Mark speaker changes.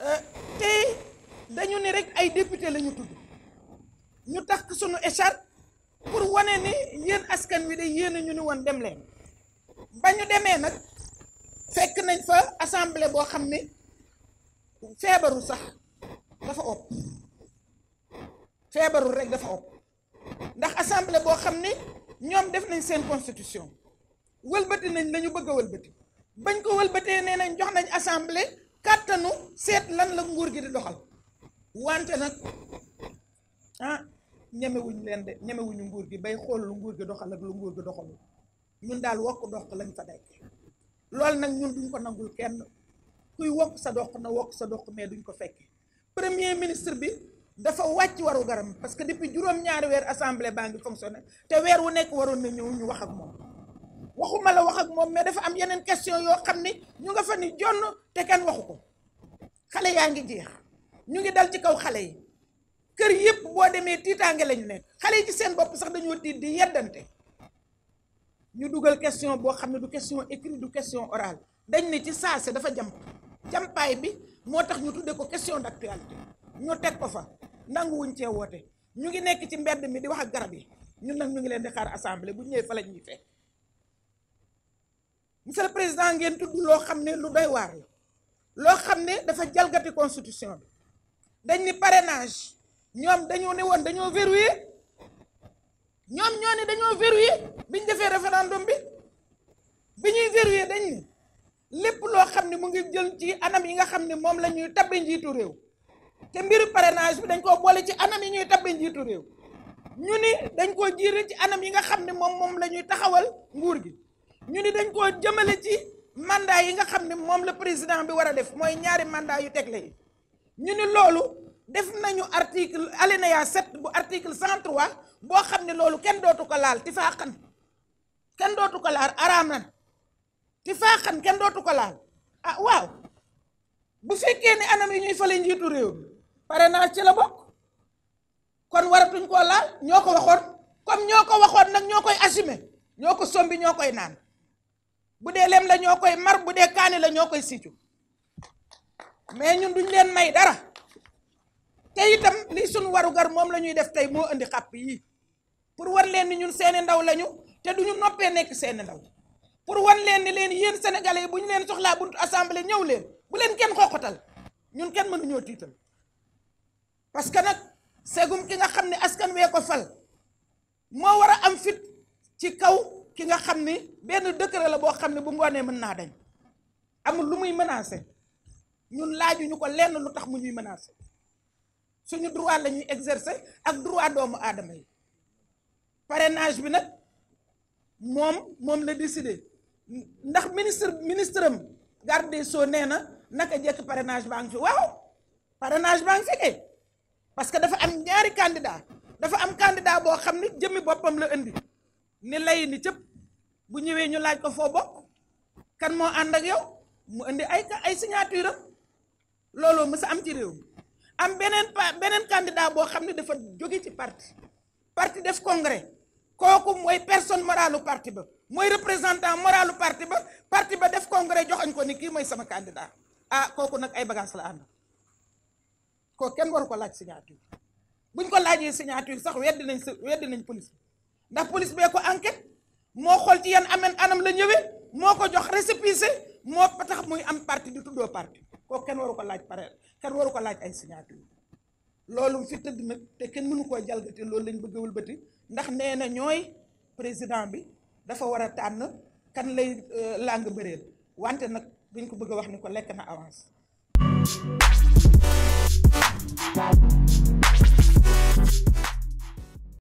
Speaker 1: Euh, te dañu ne rek ay député lañu ñu tudd ñu tax sunu écharpe pour wane ni yéen askan wi de yéen ñu ni woon dem leen ba ñu demee nag fekk nañ fa assemblée boo xam ne feebaru sax dafa ëpp feebaru rek dafa ëpp ndax assemblée boo xam ne ñoom def nañ seen constitution wëlbeuti nañ la bëgg wëlbeuti bañ ko wëlbeuté né nañ jox nañ assemblée katanu sét lan la nguur gi di doxal wante nak ah ñemewuñ dé ñëmé wuñu nguur gi bay xol lu nguur gi doxal ak lu nguur gi doxal ñun daal wokk dox lañ fa dekk lool nak ñun duñ ko nangul kenn kuy wokk sa dox na wokk sa dox mais duñ ko premier ministre bi dafa wacc waru garam parce que depuis juróom-ñaari weer assemblée baa fonctionner té te wu nekk waroon na ñëw ñu wax ak moom waxuma la wax ak moom mais dafa am yeneen question yoo xam ni ñu nga fa ni jonn te kenn waxu ko xale yaa ngi jeex ñu ngi dal ci kaw xale yi kër yëpp boo demee tiitaange lañu nekk xale yi ci seen bopp sax dañoo tiit di yeddante ñu dugal question boo xam ne du question écrite du question orale dañ ne ci saase dafa jamp jampaay bi moo tax ñu tuddee ko question d'actualité ñu teg ko fa nanguwuñ cee woote ñu ngi nekk ci mbedd mi di wax ak garab yi ñun nag ñu ngi leen di xaar assemblée bu ñëwee fa la ñuy fekk monsieur le président ngeen tudd loo xam ne lu doy waar la loo xam dafa jalgati constitution bi dañ ni parrainage ñoom dañoo ne woon dañoo verrouillé ñoom ñoo ne dañoo verrouillé biñ référendum bi bi ñuy verrouillé dañ ni lépp loo xam ne mu ngi jël ci anam yi nga xam ne moom la ñuy tabbi njiitu réew te mbiru parrainage bi dañ koo boole ci anam yi ñuy tabbi njiitu réew ñu ni dañ koo jiire ci anam yi nga xam ne moom moom taxawal nguur gi ñu ni dañ koo jëmale ci màndaa yi nga xam ne moom la président bi war a def mooy ñaari mandat yu tegle yi ñu ni loolu def nañu article alinéa 7 bu article 103 boo xam ne loolu kenn dootu ko laal tifaaxan kenn dootu ko laal araam na tifaaxan kenn dootu ko laal ah waaw bu fekkee ne anam yi ñuy fale njiitu réew mi pare naa ci la bokk kon waratuñ koo laal ñoo ko waxoon comme ñoo ko waxoon nag ñoo koy assumer ñoo ko sombi ñoo koy naan bu lem la ñoo mar bu kané la ñoo situ mais ñun duñ leen may dara te itam li warugar mom la ñuy def tay mo andi xap yi pour war leen ni ñun seen ndaw lañu te duñu noppé nek seen ndaw pour wan leen ni leen yeen sénégalais buñ leen soxla buntu assemblée ñew leen bu leen kenn xoxotal ñun kenn ñoo tital parce que nak ségum ki nga askan wé ko fal mo wara am fit ci kaw ki nga xamni ni benn décret la bo xamni bu ngone mën na dañ amul lu muy menacer ñun laaju ñuko lenn lu tax mu ñuy menacer suñu droit la exercer ak droit doomu adamay parrainage bi nak mom mom la décider ndax ministre ministre am garde des sceaux nee naka jek parrainage baa fi waaw parrainage baa fi parce que dafa am ñaari candidat dafa am candidat bo xamni jëmi bopam la indi ni lay ni cipp bu ñëwee ñu laaj ko fo bok kan mo and ak yow mu andi ay ay signature lolo mësa am ci réew am benen benen candidat bo xamni dafa jóge ci parti parti def congrès koku moy personne moralu parti ba moy représentant moralu parti ba parti ba def congrès joxagn ko ni ki moy sama candidat ah koku nak ay bagage la and ko ken war ko laaj signature buñ ko laajee signature sax wedd nañ wedd nañ police ndax police bee ko enquête moo xool ci yan ameen anam la ñëwee moo ko jox récépissé moo tax muy am parti di tuddoo parti kooku kenn waru ko laaj pare kenn waru ko laaj ay signature loolu fi tëdd nag te kenn mënu koo jalgati loolu lañ bëgg a wëlbati ndax nee na ñooy président bi dafa war a tànn kan lay euh, làng bëreel wante nag dañ ko bëgg a wax ni ko lekk na avance. Thank